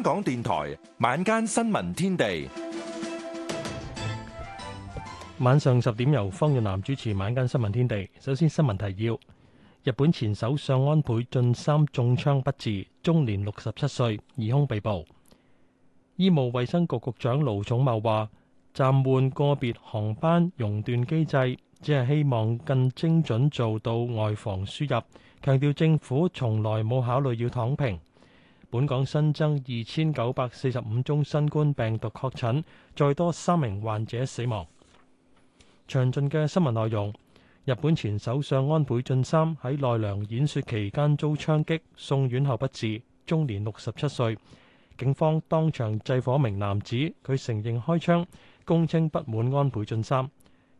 香港電台晚間新聞天地，晚上十點由方若男主持。晚間新聞天地，首先新聞提要：日本前首相安倍晉三中槍不治，終年六十七歲，疑兇被捕。醫務衛生局局長盧寵茂話：暫緩個別航班熔斷機制，只係希望更精準做到外防輸入。強調政府從來冇考慮要躺平。本港新增二千九百四十五宗新冠病毒確診，再多三名患者死亡。詳盡嘅新聞內容：日本前首相安倍晉三喺奈良演說期間遭槍擊，送院後不治，終年六十七歲。警方當場制火一名男子，佢承認開槍，供稱不滿安倍晉三。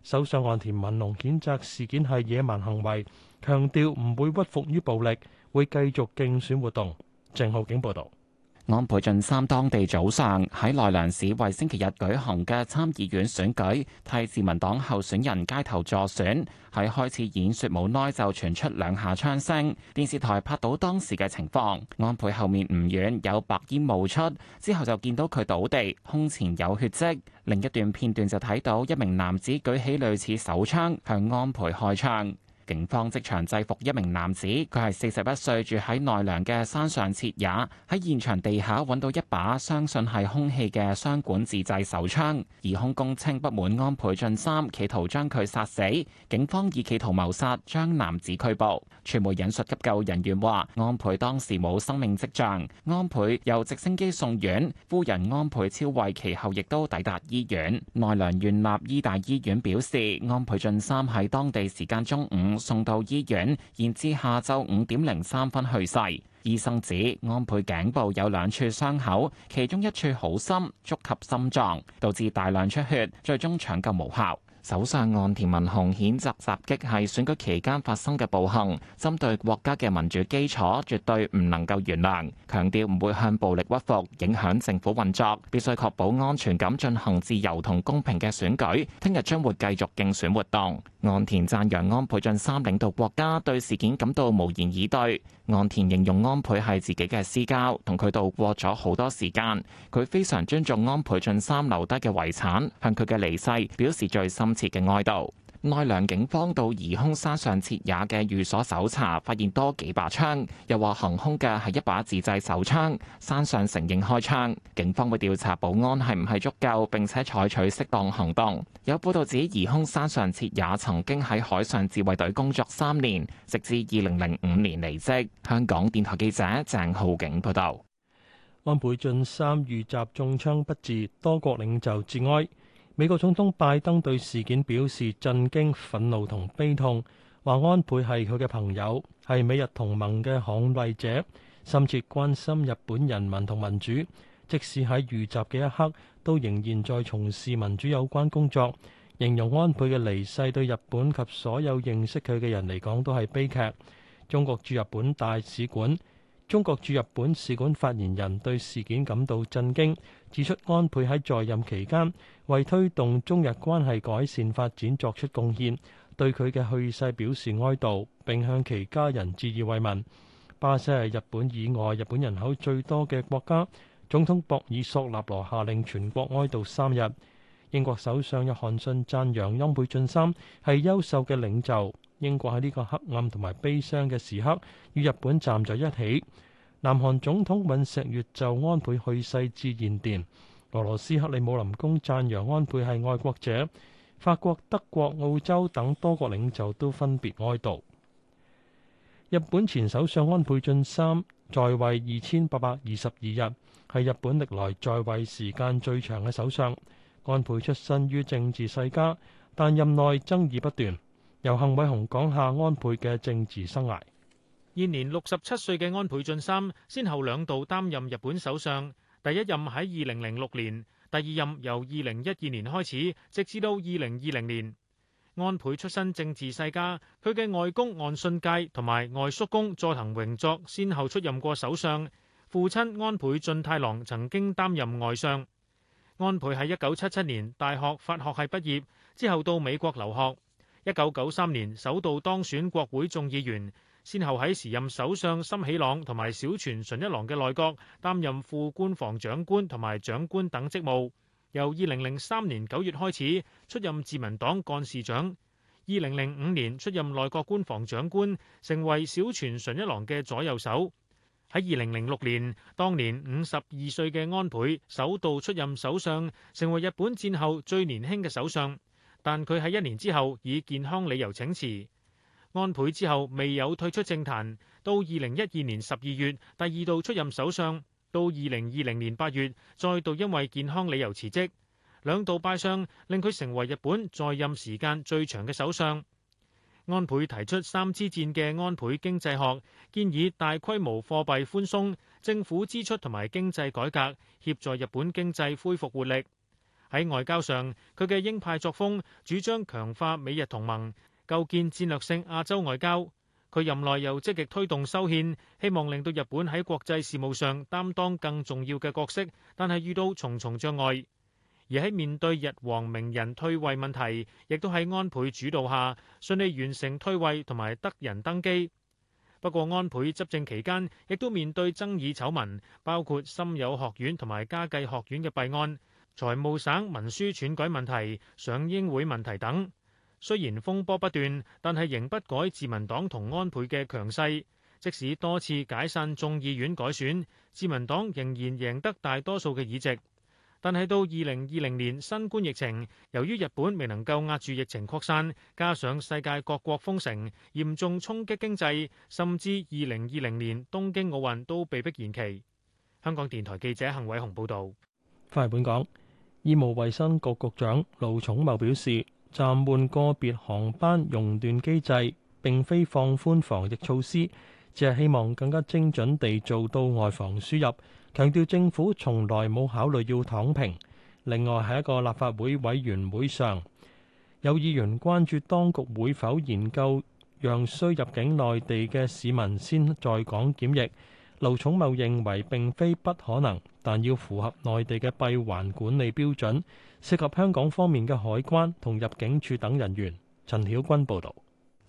首相岸田文雄譴責事件係野蠻行為，強調唔會屈服於暴力，會繼續競選活動。鄭浩景報道，安倍晉三當地早上喺奈良市為星期日舉行嘅參議院選舉替自民黨候選人街頭助選，喺開始演說冇耐就傳出兩下槍聲，電視台拍到當時嘅情況，安倍後面唔遠有白煙冒出，之後就見到佢倒地，胸前有血跡。另一段片段就睇到一名男子舉起類似手槍向安倍開槍。警方即場制服一名男子，佢係四十一歲，住喺奈良嘅山上徹也。喺現場地下揾到一把相信係空氣嘅雙管自製手槍，疑兇供稱不滿安倍晉三，企圖將佢殺死。警方以企圖謀殺將男子拘捕。傳媒引述急救人員話，安倍當時冇生命跡象。安倍由直升機送院，夫人安倍昭惠其後亦都抵達醫院。奈良縣立醫大醫院表示，安倍晉三喺當地時間中午。送到醫院，延至下晝五點零三分去世。醫生指，安倍頸部有兩處傷口，其中一處好深，觸及心臟，導致大量出血，最終搶救無效。首相岸田文雄譴責襲擊係選舉期間發生嘅暴行，針對國家嘅民主基礎絕對唔能夠原諒，強調唔會向暴力屈服，影響政府運作，必須確保安全咁進行自由同公平嘅選舉，聽日將會繼續競選活動。岸田讚揚安倍晉三領導國家，對事件感到無言以對。岸田形容安倍係自己嘅私交，同佢度過咗好多時間，佢非常尊重安倍晉三留低嘅遺產，向佢嘅離世表示最深今次嘅哀悼。奈良警方到疑凶山上徹也嘅寓所搜查，發現多幾把槍，又話行兇嘅係一把自製手槍。山上承認開槍，警方會調查保安係唔係足夠，並且採取適當行動。有報道指疑凶山上徹也曾經喺海上自衛隊工作三年，直至二零零五年離職。香港電台記者鄭浩景報道。安倍晉三遇襲中槍不治，多國領袖致哀。美國總統拜登對事件表示震驚、憤怒同悲痛，話安倍係佢嘅朋友，係美日同盟嘅捍衞者，深切關心日本人民同民主。即使喺遇襲嘅一刻，都仍然在從事民主有關工作。形容安倍嘅離世對日本及所有認識佢嘅人嚟講都係悲劇。中國駐日本大使館、中國駐日本使館發言人對事件感到震驚。指出安倍喺在，在任期間為推動中日關係改善發展作出貢獻，對佢嘅去世表示哀悼，並向其家人致以慰問。巴西係日本以外日本人口最多嘅國家，總統博爾索納羅下令全國哀悼三日。英國首相約翰遜讚揚安倍晉三係優秀嘅領袖，英國喺呢個黑暗同埋悲傷嘅時刻與日本站在一起。南韓總統尹錫悅就安倍去世致唁電，俄羅斯克里姆林宮贊揚安倍係愛國者，法國、德國、澳洲等多國領袖都分別哀悼。日本前首相安倍晉三在位二千八百二十二日，係日本歷來在位時間最長嘅首相。安倍出身於政治世家，但任內爭議不斷。由幸偉雄講下安倍嘅政治生涯。現年六十七歲嘅安倍晉三，先後兩度擔任日本首相。第一任喺二零零六年，第二任由二零一二年開始，直至到二零二零年。安倍出身政治世家，佢嘅外公岸信介同埋外叔公佐藤榮作，先後出任過首相。父親安倍晉太郎曾經擔任外相。安倍喺一九七七年大學法學系畢業，之後到美國留學。一九九三年首度當選國會眾議員。先後喺時任首相森喜朗同埋小泉純一郎嘅內閣擔任副官房長官同埋長官等職務，由二零零三年九月開始出任自民黨幹事長，二零零五年出任內閣官房長官，成為小泉純一郎嘅左右手。喺二零零六年，當年五十二歲嘅安倍首度出任首相，成為日本戰後最年輕嘅首相，但佢喺一年之後以健康理由請辭。安倍之後未有退出政壇，到二零一二年十二月第二度出任首相，到二零二零年八月再度因為健康理由辭職，兩度拜相令佢成為日本在任時間最長嘅首相。安倍提出三支箭嘅安倍經濟學，建議大規模貨幣寬鬆、政府支出同埋經濟改革，協助日本經濟恢復活力。喺外交上，佢嘅鷹派作風，主張強化美日同盟。構建戰略性亞洲外交，佢任內又積極推動修憲，希望令到日本喺國際事務上擔當更重要嘅角色，但係遇到重重障礙。而喺面對日皇明仁退位問題，亦都喺安倍主導下順利完成退位同埋德仁登基。不過，安倍執政期間亦都面對爭議醜聞，包括森友學院同埋加計學院嘅弊案、財務省文書篡改問題、賞櫻會問題等。雖然風波不斷，但係仍不改自民黨同安倍嘅強勢。即使多次解散眾議院改選，自民黨仍然贏得大多數嘅議席。但係到二零二零年新冠疫情，由於日本未能夠壓住疫情擴散，加上世界各國封城，嚴重衝擊經濟，甚至二零二零年東京奧運都被迫延期。香港電台記者幸偉雄報道。翻嚟本港，醫務衛生局局，局長盧寵茂表示。暫緩個別航班熔斷機制，並非放寬防疫措施，只係希望更加精準地做到外防輸入。強調政府從來冇考慮要躺平。另外喺一個立法會委員會上，有議員關注當局會否研究讓需入境內地嘅市民先在港檢疫。劉寵茂認為，並非不可能，但要符合內地嘅閉環管理標準，涉及香港方面嘅海關同入境處等人員。陳曉君報道。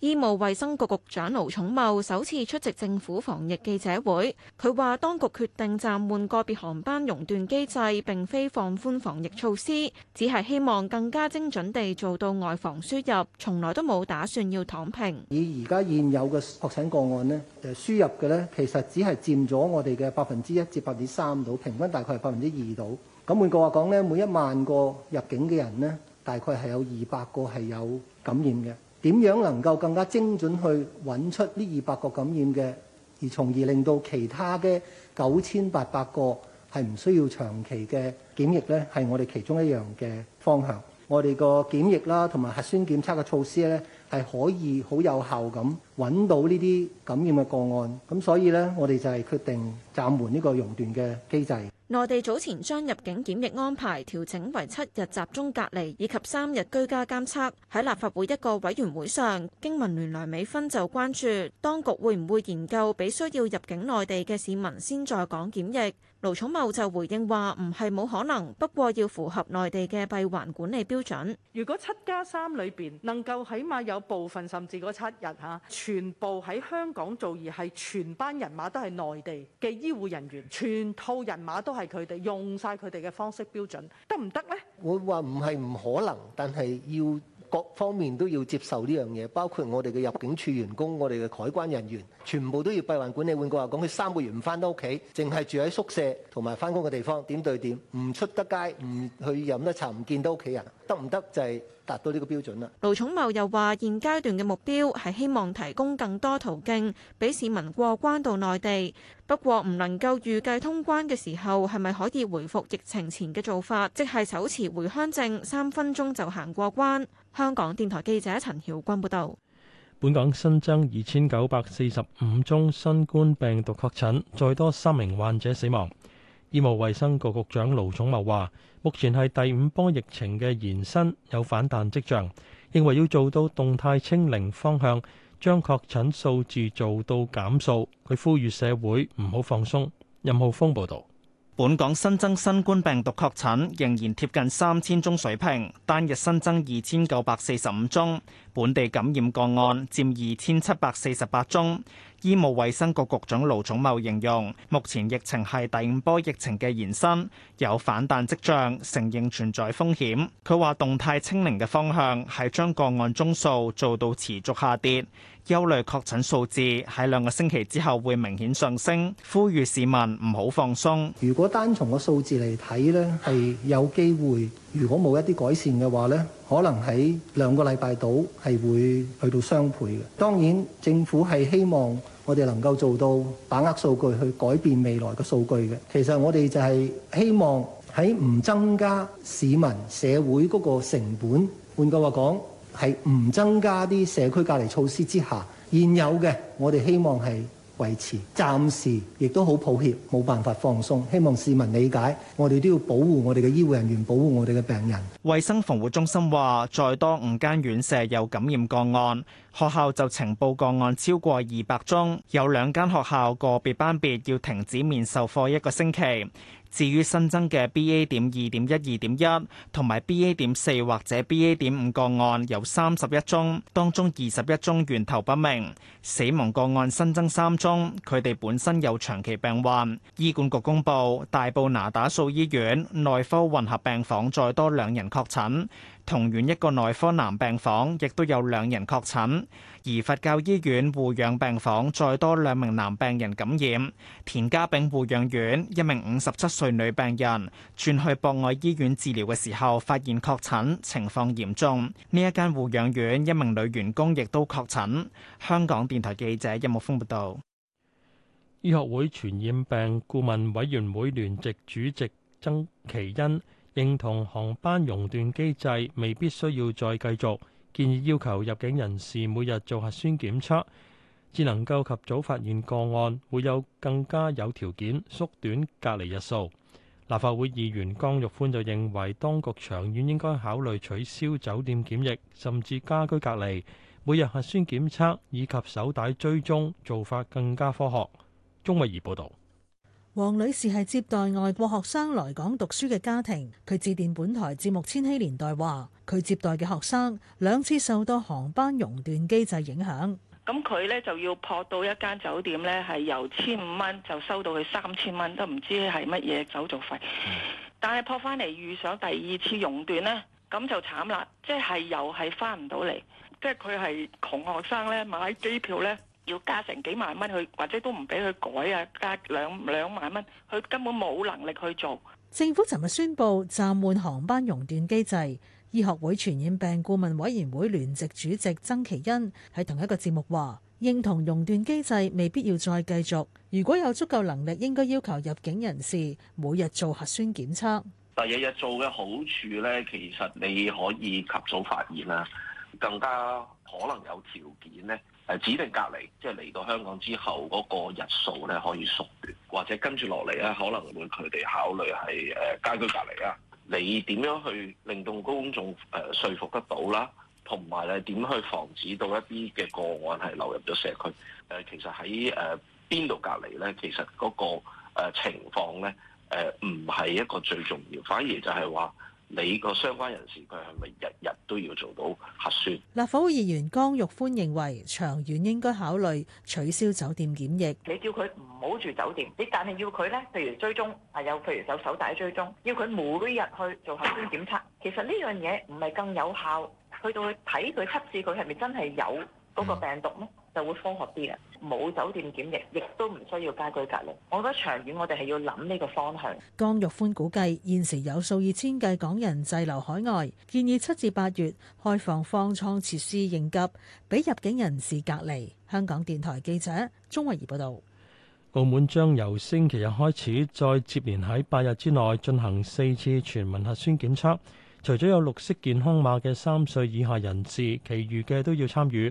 醫務衛生局局長盧寵茂首次出席政府防疫記者會，佢話當局決定暫緩個別航班熔斷機制，並非放寬防疫措施，只係希望更加精準地做到外防輸入，從來都冇打算要躺平。以而家現有嘅確診個案呢，誒，就係輸入嘅呢，其實只係佔咗我哋嘅百分之一至百分之三度，平均大概係百分之二度。咁換句話講呢，每一萬個入境嘅人呢，大概係有二百個係有感染嘅。點樣能夠更加精準去揾出呢二百個感染嘅，而從而令到其他嘅九千八百個係唔需要長期嘅檢疫呢？係我哋其中一樣嘅方向。我哋個檢疫啦，同埋核酸檢測嘅措施呢，係可以好有效咁揾到呢啲感染嘅個案。咁所以呢，我哋就係決定暫緩呢個熔斷嘅機制。內地早前將入境檢疫安排調整為七日集中隔離以及三日居家監測。喺立法會一個委員會上，經民聯梁美芬就關注當局會唔會研究，俾需要入境內地嘅市民先在港檢疫。盧寵茂就回應話：唔係冇可能，不過要符合內地嘅閉環管理標準。如果七加三裏邊能夠起碼有部分，甚至嗰七日吓，全部喺香港做而係全班人馬都係內地嘅醫護人員，全套人馬都係佢哋，用晒佢哋嘅方式標準，得唔得呢？我話唔係唔可能，但係要。各方面都要接受呢樣嘢，包括我哋嘅入境處員工，我哋嘅海關人員，全部都要閉環管理。換句話講，佢三個月唔翻到屋企，淨係住喺宿舍同埋翻工嘅地方，點對點唔出得街，唔去飲得茶，唔見到屋企人，得唔得就係達到呢個標準啊。盧寵茂又話現階段嘅目標係希望提供更多途徑俾市民過關到內地，不過唔能夠預計通關嘅時候，係咪可以回復疫情前嘅做法，即係手持回鄉證三分鐘就行過關。香港電台記者陳曉君報道，本港新增二千九百四十五宗新冠病毒確診，再多三名患者死亡。醫務衛生局局長盧寵茂話：目前係第五波疫情嘅延伸，有反彈跡象，認為要做到動態清零方向，將確診數字做到減數。佢呼籲社會唔好放鬆。任浩峰報道。本港新增新冠病毒確診仍然貼近三千宗水平，單日新增二千九百四十五宗，本地感染個案占二千七百四十八宗。醫務衛生局局長盧寵茂形容，目前疫情係第五波疫情嘅延伸，有反彈跡象，承認存在風險，佢話動態清零嘅方向係將個案宗數做到持續下跌。憂慮確診數字喺兩個星期之後會明顯上升，呼籲市民唔好放鬆。如果單從個數字嚟睇呢，係有機會。如果冇一啲改善嘅話呢，可能喺兩個禮拜度係會去到雙倍嘅。當然，政府係希望我哋能夠做到把握數據去改變未來嘅數據嘅。其實我哋就係希望喺唔增加市民社會嗰個成本。換句話講，喺唔增加啲社區隔離措施之下，現有嘅我哋希望係維持，暫時亦都好抱歉，冇辦法放鬆。希望市民理解，我哋都要保護我哋嘅醫護人員，保護我哋嘅病人。衞生防護中心話，再多五間院舍有感染個案，學校就呈報個案超過二百宗，有兩間學校個別班別要停止面授課一個星期。至於新增嘅 BA. 點二點一二點一同埋 BA. 點四或者 BA. 點五個案有三十一宗，當中二十一宗源頭不明，死亡個案新增三宗，佢哋本身有長期病患。醫管局公佈，大埔那打素醫院內科混合病房再多兩人確診。同院一個內科男病房亦都有兩人確診，而佛教醫院護養病房再多兩名男病人感染。田家炳護養院一名五十七歲女病人轉去博愛醫院治療嘅時候發現確診，情況嚴重。呢一間護養院一名女員工亦都確診。香港電台記者任木峰報道。醫學會傳染病顧問委員會聯席主席曾其恩。認同航班熔斷機制未必需要再繼續，建議要求入境人士每日做核酸檢測，至能夠及早發現個案，會有更加有條件縮短隔離日數。立法會議員江玉歡就認為，當局長遠應該考慮取消酒店檢疫，甚至家居隔離，每日核酸檢測以及手帶追蹤做法更加科學。鍾衛儀報導。黃女士係接待外國學生來港讀書嘅家庭，佢致電本台節目《千禧年代》話：佢接待嘅學生兩次受到航班熔斷機制影響，咁佢咧就要撲到一間酒店咧，係由千五蚊就收到佢三千蚊，都唔知係乜嘢走做費。但係撲翻嚟遇上第二次熔斷咧，咁就慘啦，即係又係翻唔到嚟。即係佢係窮學生咧，買機票咧。要加成幾萬蚊去，或者都唔俾佢改啊！加兩兩萬蚊，佢根本冇能力去做。政府尋日宣布暫緩航班熔斷機制，醫學會傳染病顧問委員會聯席主席曾祈殷喺同一個節目話：認同熔斷機制未必要再繼續，如果有足夠能力，應該要求入境人士每日做核酸檢測。第日日做嘅好處咧，其實你可以及早發現啦，更加可能有條件咧。誒指定隔離，即係嚟到香港之後嗰個日數咧可以縮短，或者跟住落嚟咧可能會佢哋考慮係誒家居隔離啊。你點樣去令到公眾誒說服得到啦？同埋咧點去防止到一啲嘅個案係流入咗社區？誒其實喺誒邊度隔離咧，其實嗰個誒情況咧誒唔係一個最重要，反而就係話。你個相關人士佢係咪日日都要做到核酸？立法會議員江玉歡認為，長遠應該考慮取消酒店檢疫。你叫佢唔好住酒店，你但係要佢呢，譬如追蹤，啊有譬如有手帶追蹤，要佢每日去做核酸檢測。其實呢樣嘢唔係更有效，去到睇佢測試佢係咪真係有嗰個病毒咯？就會科學啲啦，冇酒店檢疫，亦都唔需要家居隔離。我覺得長遠我哋係要諗呢個方向。江玉歡估計現時有數以千計港人滯留海外，建議七至八月開放方艙設施應急，俾入境人士隔離。香港電台記者鍾慧儀報導。澳門將由星期日開始，再接連喺八日之內進行四次全民核酸檢測，除咗有綠色健康碼嘅三歲以下人士，其餘嘅都要參與。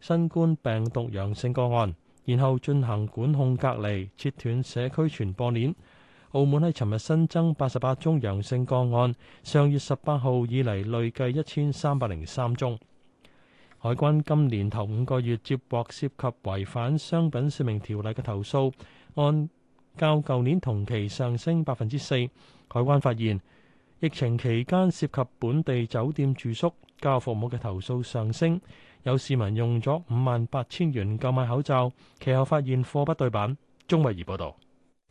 新冠病毒陽性個案，然後進行管控隔離，切斷社區傳播鏈。澳門喺尋日新增八十八宗陽性個案，上月十八號以嚟累計一千三百零三宗。海關今年頭五個月接獲涉及違反商品說明條例嘅投訴按較舊年同期上升百分之四。海關發現疫情期間涉及本地酒店住宿。家服務嘅投訴上升，有市民用咗五萬八千元購買口罩，其後發現貨不對版。鍾慧儀報道，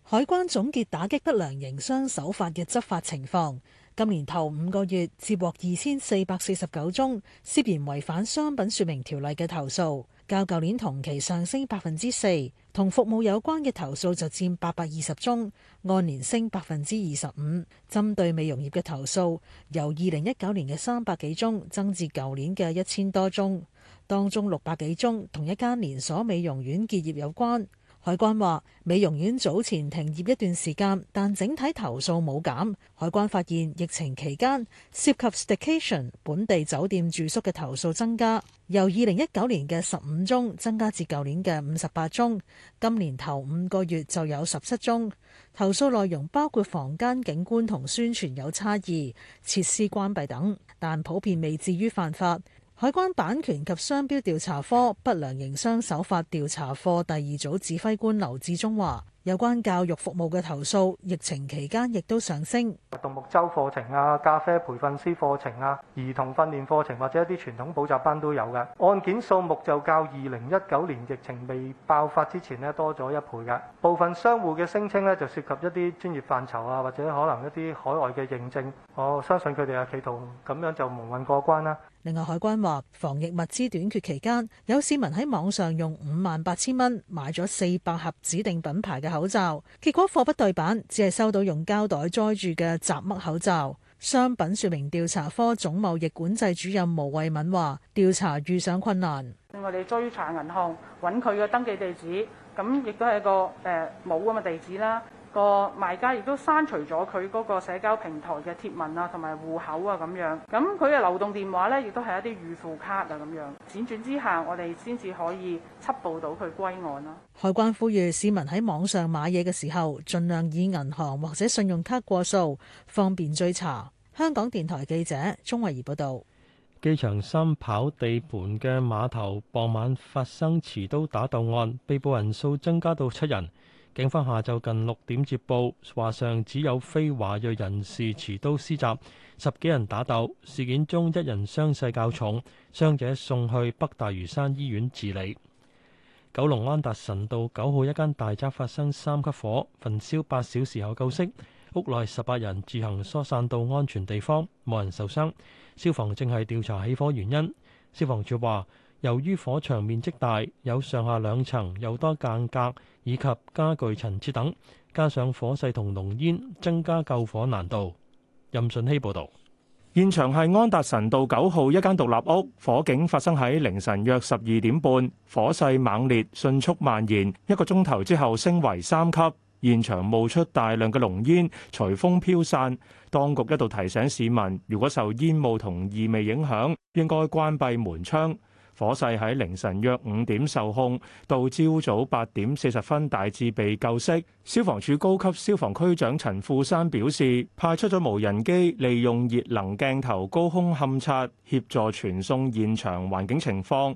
海關總結打擊不良營商手法嘅執法情況，今年頭五個月接獲二千四百四十九宗涉嫌違反商品說明條例嘅投訴，較舊年同期上升百分之四，同服務有關嘅投訴就佔八百二十宗，按年升百分之二十五。針對美容業嘅投訴，由二零一九年嘅三百幾宗，增至舊年嘅一千多宗，當中六百幾宗同一間連鎖美容院結業有關。海關話：美容院早前停業一段時間，但整體投訴冇減。海關發現疫情期間涉及 staycation 本地酒店住宿嘅投訴增加，由二零一九年嘅十五宗增加至舊年嘅五十八宗，今年頭五個月就有十七宗。投訴內容包括房間景觀同宣傳有差異、設施關閉等，但普遍未至於犯法。海關版權及商標調查科不良營商手法調查科第二組指揮官劉志忠話：有關教育服務嘅投訴，疫情期間亦都上升，獨木舟課程啊、咖啡培訓師課程啊、兒童訓練課程或者一啲傳統補習班都有嘅案件數目就較二零一九年疫情未爆發之前咧多咗一倍嘅。部分商戶嘅聲稱咧就涉及一啲專業範疇啊，或者可能一啲海外嘅認證，我相信佢哋係企圖咁樣就蒙混過關啦。另外，海關話防疫物資短缺期間，有市民喺網上用五萬八千蚊買咗四百盒指定品牌嘅口罩，結果貨不對板，只係收到用膠袋載住嘅雜物口罩。商品説明調查科總貿易管制主任毛慧敏話：調查遇上困難，另外，我哋追查銀行揾佢嘅登記地址，咁亦都係個誒冇咁嘅地址啦。個賣家亦都刪除咗佢嗰個社交平台嘅貼文啊，同埋戶口啊咁樣。咁佢嘅流動電話呢，亦都係一啲預付卡啊咁樣。輾轉之下，我哋先至可以緝捕到佢歸案啦。海關呼籲市民喺網上買嘢嘅時候，盡量以銀行或者信用卡過數，方便追查。香港電台記者鍾慧儀報道。機場三跑地盤嘅碼頭傍晚發生持刀打鬥案，被捕人數增加到七人。警方下晝近六點接報，話上只有非華裔人士持刀施襲，十幾人打鬥。事件中一人傷勢較重，傷者送去北大嶼山醫院治理。九龍安達臣道九號一間大宅發生三級火，焚燒八小時後救熄，屋內十八人自行疏散到安全地方，冇人受傷。消防正係調查起火原因。消防處話，由於火場面積大，有上下兩層，有多間隔。以及家具陳設等，加上火勢同濃煙，增加救火難度。任順熙報導，現場係安達臣道九號一間獨立屋，火警發生喺凌晨約十二點半，火勢猛烈，迅速蔓延。一個鐘頭之後升為三級，現場冒出大量嘅濃煙，隨風飄散。當局一度提醒市民，如果受煙霧同異味影響，應該關閉門窗。火勢喺凌晨約五點受控，到朝早八點四十分大致被救熄。消防處高級消防區長陳富山表示，派出咗無人機，利用熱能鏡頭高空勘察，協助傳送現場環境情況。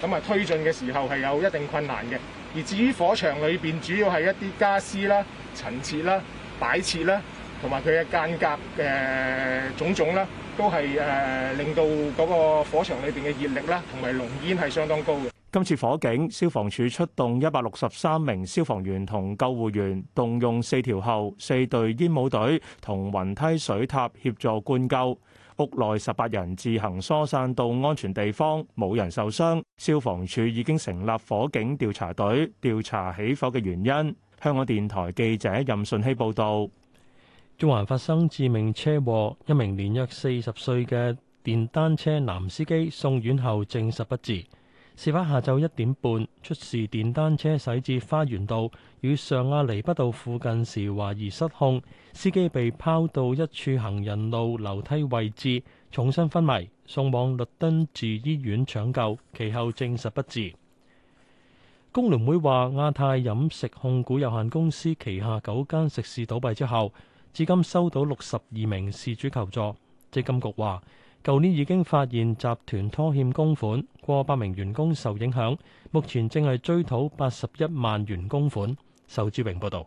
咁啊，推進嘅時候係有一定困難嘅。而至於火場裏邊，主要係一啲傢俬啦、陳設啦、擺設啦，同埋佢嘅間隔嘅種種啦，都係誒令到嗰個火場裏邊嘅熱力啦，同埋濃煙係相當高嘅。今次火警，消防處出動一百六十三名消防員同救護員，動用四條喉四隊煙霧隊同雲梯水塔協助灌救。屋內十八人自行疏散到安全地方，冇人受傷。消防處已經成立火警調查隊，調查起火嘅原因。香港電台記者任順希報導。中環發生致命車禍，一名年約四十歲嘅電單車男司機送院後證實不治。事發下晝一點半，出事電單車駛至花園道與上亞厘畢道附近時，懷疑失控，司機被拋到一處行人路樓梯位置，重傷昏迷，送往律敦治醫院搶救，其後證實不治。工聯會話：亞太飲食控股有限公司旗下九間食肆倒閉之後，至今收到六十二名事主求助。積金局話，舊年已經發現集團拖欠公款，過百名員工受影響，目前正係追討八十一萬元公款。仇志榮報導。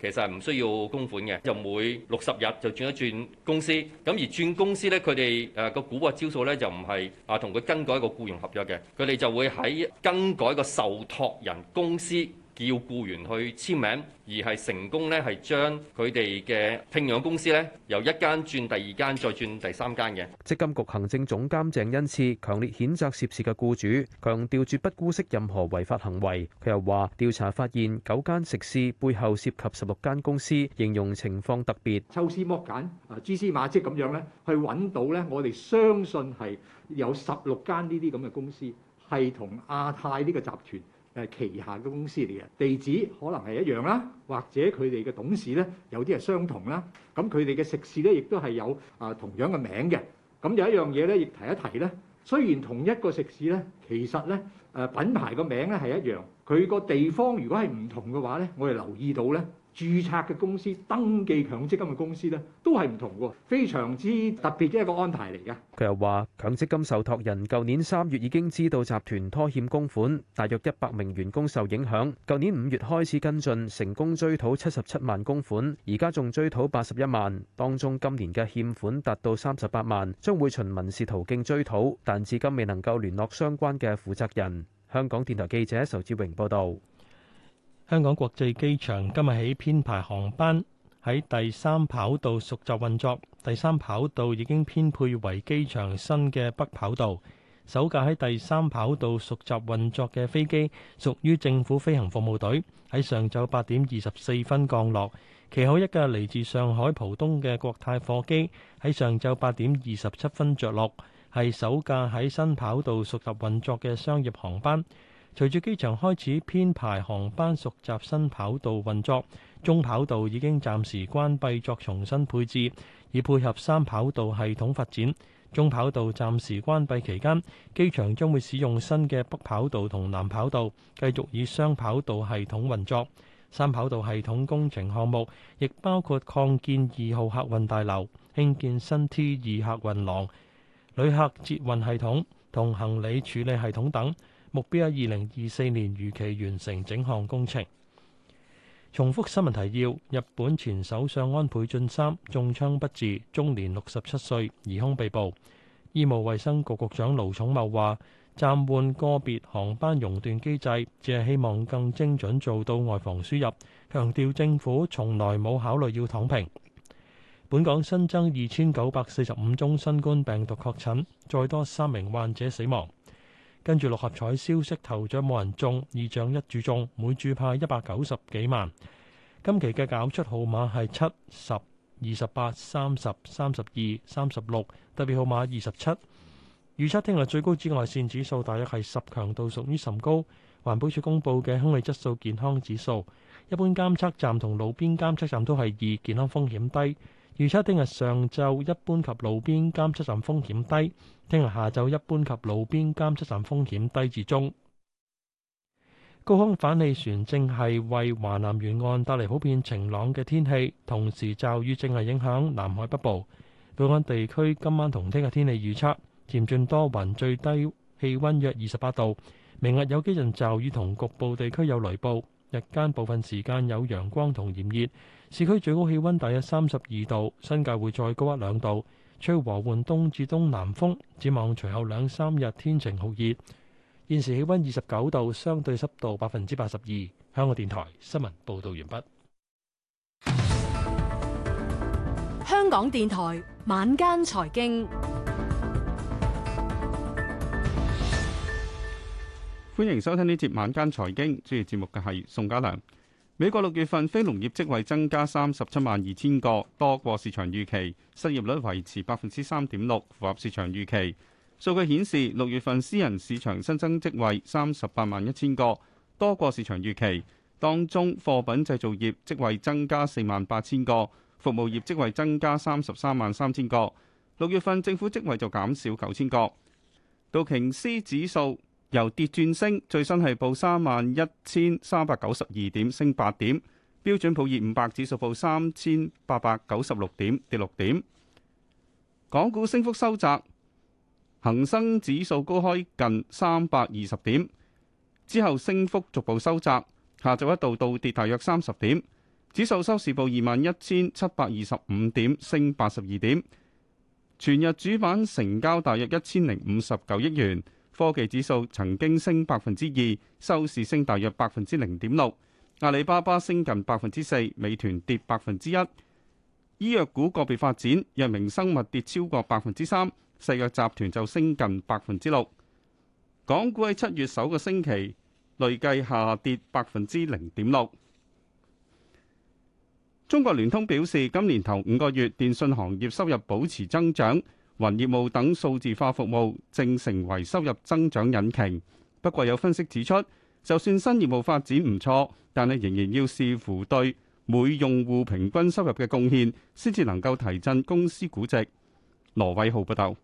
其實係唔需要供款嘅，就每六十日就轉一轉公司。咁而轉公司呢，佢哋誒個股票招數呢，就唔係啊，同佢更改一個僱傭合約嘅，佢哋就會喺更改一個受託人公司。要僱員去簽名，而係成功咧，係將佢哋嘅聘用公司咧，由一間轉第二間，再轉第三間嘅。積金局行政總監鄭恩賜強烈譴責涉事嘅雇主，強調絕不姑息任何違法行為。佢又話：調查發現九間食肆背後涉及十六間公司，形容情況特別抽絲剝繭啊，蛛絲馬跡咁樣咧，去揾到咧，我哋相信係有十六間呢啲咁嘅公司係同亞太呢個集團。誒、啊、旗下嘅公司嚟嘅地址可能係一樣啦，或者佢哋嘅董事咧有啲係相同啦，咁佢哋嘅食肆咧亦都係有啊同樣嘅名嘅，咁有一樣嘢咧亦提一提咧，雖然同一個食肆咧，其實咧誒、啊、品牌個名咧係一樣，佢個地方如果係唔同嘅話咧，我哋留意到咧，註冊嘅公司、登記強積金嘅公司咧，都係唔同嘅，非常之特別嘅一個安排嚟嘅。佢又話：強積金受託人舊年三月已經知道集團拖欠供款，大約一百名員工受影響。舊年五月開始跟進，成功追討七十七萬供款，而家仲追討八十一萬，當中今年嘅欠款達到三十八萬，將會循民事途徑追討，但至今未能夠聯絡相關嘅負責人。香港電台記者仇志榮報導。香港國際機場今日起編排航班喺第三跑道熟習運作。第三跑道已經編配為機場新嘅北跑道。首架喺第三跑道熟習運作嘅飛機屬於政府飛行服務隊，喺上晝八點二十四分降落。其後一架嚟自上海浦東嘅國泰貨機喺上晝八點二十七分着陸，係首架喺新跑道熟習運作嘅商業航班。隨住機場開始編排航班，熟習新跑道運作，中跑道已經暫時關閉作重新配置，以配合三跑道系統發展。中跑道暫時關閉期間，機場將會使用新嘅北跑道同南跑道繼續以雙跑道系統運作。三跑道系統工程項目亦包括擴建二號客運大樓、興建新 T2 客運廊、旅客捷運系統同行李處理系統等。目標喺二零二四年如期完成整項工程。重複新聞提要：日本前首相安倍晉三中槍不治，終年六十七歲，疑兇被捕。醫務衛生局局長盧寵茂話：暫緩個別航班熔斷機制，只係希望更精準做到外防輸入。強調政府從來冇考慮要躺平。本港新增二千九百四十五宗新冠病毒確診，再多三名患者死亡。跟住六合彩消息，頭獎冇人中，二獎一注中，每注派一百九十幾萬。今期嘅攪出號碼係七、十、二十八、三十、三十二、三十六，特別號碼二十七。預測聽日最高紫外線指數大約係十強度，屬於甚高。環保署公布嘅空氣質素健康指數，一般監測站同路邊監測站都係二，健康風險低。預測聽日上晝一般及路邊監測站風險低，聽日下晝一般及路邊監測站風險低至中。高空反氣旋正係為華南沿岸帶嚟普遍晴朗嘅天氣，同時驟雨正係影響南海北部。本港地區今晚同聽日天氣預測：，漸轉多雲，最低氣温約二十八度。明日有幾陣驟雨同局部地區有雷暴，日間部分時間有陽光同炎熱。市區最高氣溫大約三十二度，新界會再高一兩度，吹和緩東至東南風，展望隨後兩三日天晴酷熱。現時氣溫二十九度，相對濕度百分之八十二。香港電台新聞報道完畢。香港電台晚間財經，經歡迎收聽呢節晚間財經，主持節目嘅係宋嘉良。美國六月份非農業職位增加三十七萬二千個，多過市場預期，失業率維持百分之三點六，符合市場預期。數據顯示，六月份私人市場新增職位三十八萬一千個，多過市場預期。當中貨品製造業職位增加四萬八千個，服務業職位增加三十三萬三千個。六月份政府職位就減少九千個。道瓊斯指數，由跌轉升，最新係報三萬一千三百九十二點，升八點。標準普爾五百指數報三千八百九十六點，跌六點。港股升幅收窄，恒生指數高開近三百二十點，之後升幅逐步收窄，下晝一度倒跌大約三十點，指數收市報二萬一千七百二十五點，升八十二點。全日主板成交大約一千零五十九億元。科技指數曾經升百分之二，收市升大約百分之零點六。阿里巴巴升近百分之四，美團跌百分之一。醫藥股個別發展，藥明生物跌超過百分之三，石藥集團就升近百分之六。港股喺七月首個星期累計下跌百分之零點六。中國聯通表示，今年頭五個月，電信行業收入保持增長。雲業務等數字化服務正成為收入增長引擎，不過有分析指出，就算新業務發展唔錯，但係仍然要視乎對每用戶平均收入嘅貢獻，先至能夠提振公司估值。羅偉浩報導。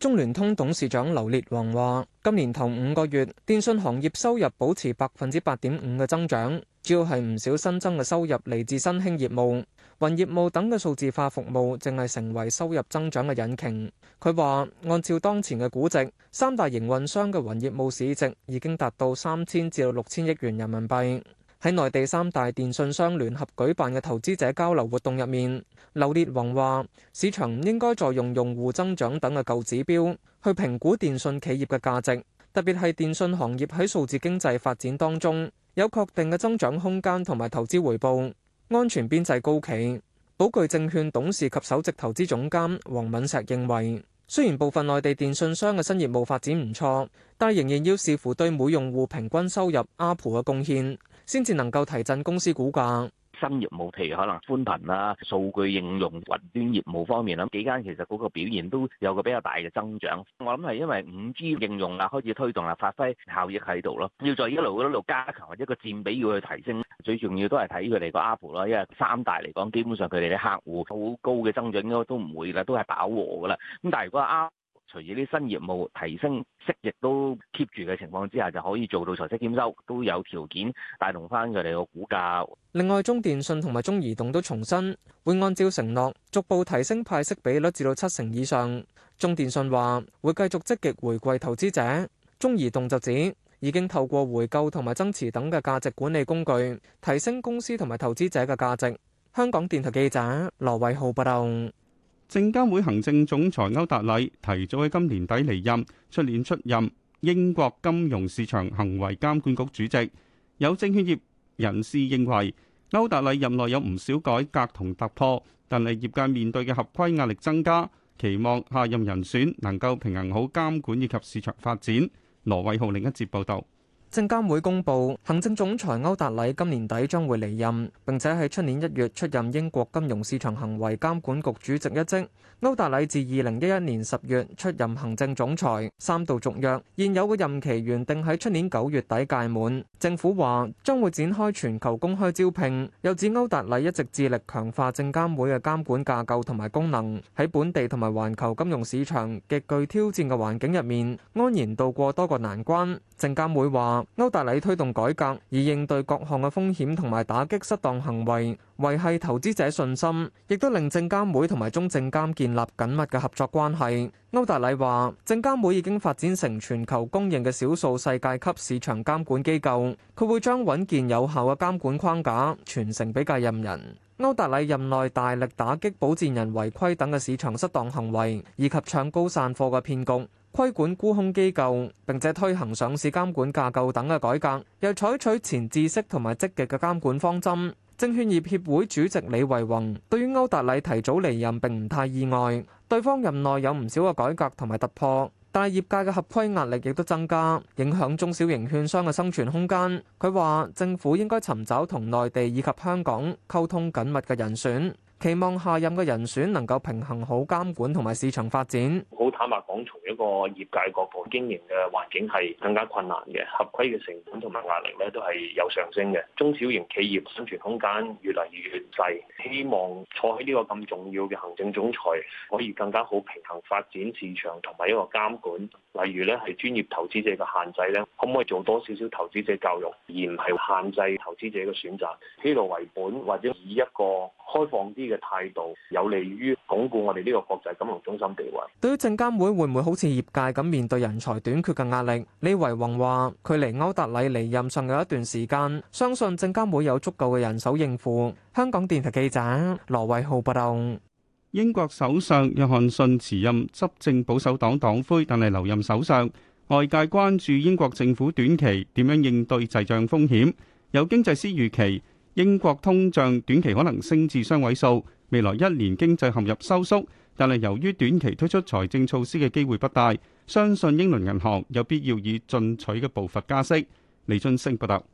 中聯通董事長劉烈宏話：今年頭五個月，電信行業收入保持百分之八點五嘅增長，主要係唔少新增嘅收入嚟自新興業務、雲業務等嘅數字化服務，淨係成為收入增長嘅引擎。佢話：按照當前嘅估值，三大營運商嘅雲業務市值已經達到三千至到六千億元人民幣。喺內地三大電信商聯合舉辦嘅投資者交流活動入面，劉烈宏話：市場唔應該再用用戶增長等嘅舊指標去評估電信企業嘅價值，特別係電信行業喺數字經濟發展當中有確定嘅增長空間同埋投資回報。安全邊際高企，寶具證券董事及首席投資總監黃敏石認為，雖然部分內地電信商嘅新業務發展唔錯，但係仍然要視乎對每用戶平均收入 ARPU 嘅貢獻。先至能夠提振公司股價。新業務譬如可能寬頻啦，數據應用、雲端業務方面啊，幾間其實嗰個表現都有個比較大嘅增長。我諗係因為五 G 應用啊，開始推動啊，發揮效益喺度咯。要在一路一路加強或者個佔比要去提升。最重要都係睇佢哋個 Apple 咯，因為三大嚟講，基本上佢哋啲客戶好高嘅增長應該都唔會啦，都係飽和噶啦。咁但係如果 a 隨住啲新業務提升息，亦都 keep 住嘅情況之下，就可以做到財息兼收，都有條件帶動翻佢哋個股價。另外，中電信同埋中移動都重申會按照承諾，逐步提升派息比率至到七成以上。中電信話會繼續積極回饋投資者，中移動就指已經透過回購同埋增持等嘅價值管理工具，提升公司同埋投資者嘅價值。香港電台記者羅偉浩報道。證監會行政總裁歐達禮提早喺今年底離任，出年出任英國金融市場行為監管局主席。有證券業人士認為，歐達禮任內有唔少改革同突破，但係業界面對嘅合規壓力增加，期望下任人選能夠平衡好監管以及市場發展。羅偉浩另一節報道。證監會公布，行政總裁歐達禮今年底將會離任，並且喺出年一月出任英國金融市場行為監管局主席一職。歐達禮自二零一一年十月出任行政總裁，三度續約，現有嘅任期原定喺出年九月底屆滿。政府話將會展開全球公開招聘，又指歐達禮一直致力強化證監會嘅監管架構同埋功能，喺本地同埋環球金融市場極具挑戰嘅環境入面，安然度過多個難關。證監會話。歐大禮推動改革，以應對各項嘅風險同埋打擊失當行為，維繫投資者信心，亦都令證監會同埋中證監建立緊密嘅合作關係。歐達禮話：證監會已經發展成全球公認嘅少數世界級市場監管機構，佢會將穩健有效嘅監管框架傳承俾繼任人。歐達禮任內大力打擊保薦人違規等嘅市場失當行為，以及唱高散貨嘅騙局。規管沽空機構，並且推行上市監管架構等嘅改革，又採取前置式同埋積極嘅監管方針。證券業協會主席李惠榮對於歐達禮提早離任並唔太意外，對方任內有唔少嘅改革同埋突破，但係業界嘅合規壓力亦都增加，影響中小型券商嘅生存空間。佢話政府應該尋找同內地以及香港溝通緊密嘅人選。期望下任嘅人選能夠平衡好監管同埋市場發展。好坦白講，從一個業界角度經營嘅環境係更加困難嘅，合規嘅成本同埋壓力咧都係有上升嘅。中小型企業生存空間越嚟越細，希望坐喺呢個咁重要嘅行政總裁可以更加好平衡發展市場同埋一個監管。例如咧，係專業投資者嘅限制咧，可唔可以做多少少投資者教育，而唔係限制？投資者嘅選擇，披露為本，或者以一個開放啲嘅態度，有利於鞏固我哋呢個國際金融中心地位。對於證監會會唔會好似業界咁面對人才短缺嘅壓力？李維宏話，距離歐達禮離任尚有一段時間，相信證監會有足夠嘅人手應付。香港電台記者羅偉浩報道。英國首相約翰遜辭任執政保守黨黨魁，但係留任首相。外界關注英國政府短期點樣應對滯脹風險。有經濟師預期,英國通脹短期可能升至雙位數,未來一年經濟陷入收縮,但由於短期推出財政措施的機會不大,相信英倫銀行有必要以進取的步伐加息,李俊升報道。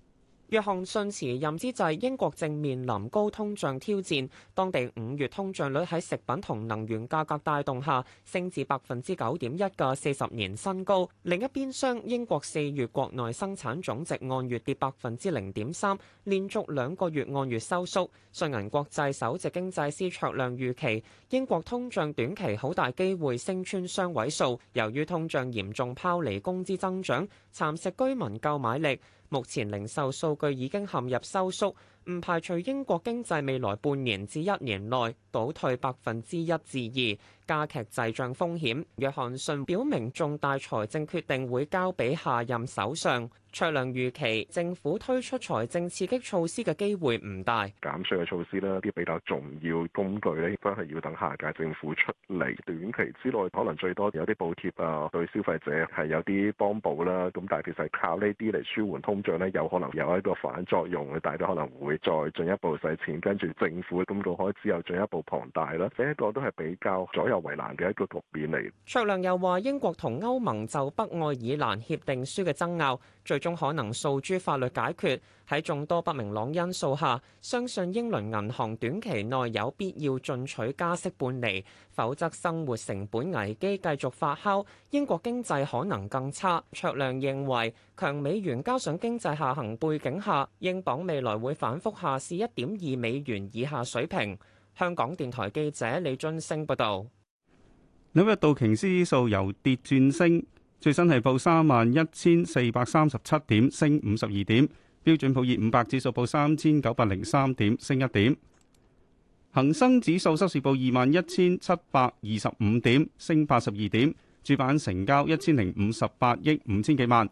約翰遜辭任之際，英國正面臨高通脹挑戰。當地五月通脹率喺食品同能源價格帶動下升至百分之九點一嘅四十年新高。另一邊廂，英國四月國內生產總值按月跌百分之零點三，連續兩個月按月收縮。信銀國際首席經濟師卓亮預期，英國通脹短期好大機會升穿雙位數，由於通脹嚴重拋離工資增長，蠶食居民購買力。目前零售數據已經陷入收縮。唔排除英國經濟未來半年至一年內倒退百分之一至二，加劇滯脹風險。約翰遜表明重大財政決定會交俾下任首相。卓亮預期政府推出財政刺激措施嘅機會唔大。減稅嘅措施呢啲比較重要工具呢，亦都係要等下屆政府出嚟。短期之內可能最多有啲補貼啊，對消費者係有啲幫補啦、啊。咁但係其實靠呢啲嚟舒緩通脹呢，有可能有一個反作用，但大都可能會。再進一步使錢，跟住政府嘅，咁到開支又進一步龐大啦，呢一個都係比較左右為難嘅一個局面嚟。卓亮又話，英國同歐盟就北愛爾蘭協定書嘅爭拗，最終可能訴諸法律解決。喺眾多不明朗因素下，相信英倫銀行短期內有必要進取加息半釐，否則生活成本危機繼續發酵，英國經濟可能更差。卓亮認為，強美元加上經濟下行背景下，英鎊未來會反覆下試一點二美元以下水平。香港電台記者李津升報導。紐約道瓊斯指數由跌轉升。最新係報三萬一千四百三十七點，升五十二點。標準普爾五百指數報三千九百零三點，升一點。恒生指數收市報二萬一千七百二十五點，升八十二點。主板成交一千零五十八億五千幾萬。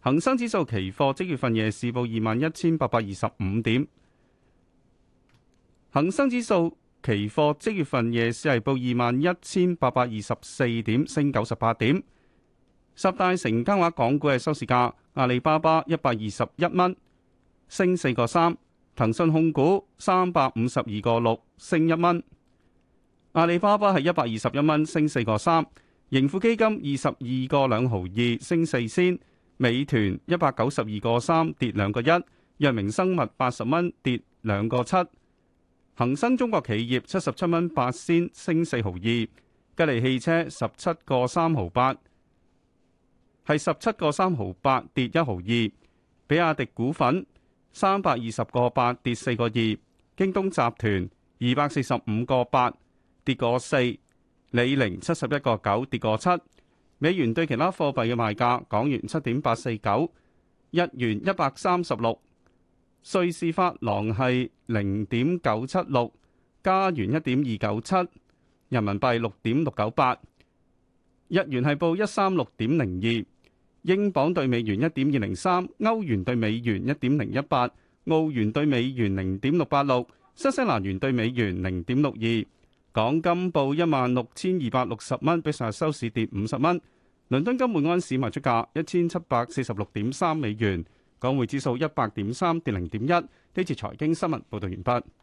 恒生指數期貨即月份夜市報二萬一千八百二十五點。恒生指數期貨即月份夜市係報二萬一千八百二十四點，升九十八點。十大成交額港股嘅收市價：阿里巴巴一百二十一蚊，升四個三；騰訊控股三百五十二個六，升一蚊。阿里巴巴係一百二十一蚊，升四個三；盈富基金二十二個兩毫二，升四仙；美團一百九十二個三，跌兩個一；藥明生物八十蚊，跌兩個七；恒生中國企業七十七蚊八仙，升四毫二；吉利汽車十七個三毫八。係十七個三毫八跌一毫二，比亞迪股份三百二十個八跌四個二，京東集團二百四十五個八跌個四，李寧七十一個九跌個七，美元對其他貨幣嘅賣價，港元七點八四九，日元一百三十六，瑞士法郎係零點九七六，加元一點二九七，人民幣六點六九八，日元係報一三六點零二。英鎊兌美元一點二零三，歐元兌美元一點零一八，澳元兌美元零點六八六，新西蘭元兌美元零點六二。港金報一萬六千二百六十蚊，比上日收市跌五十蚊。倫敦金每安士賣出價一千七百四十六點三美元，港匯指數一百點三跌零點一。呢次財經新聞報道完畢。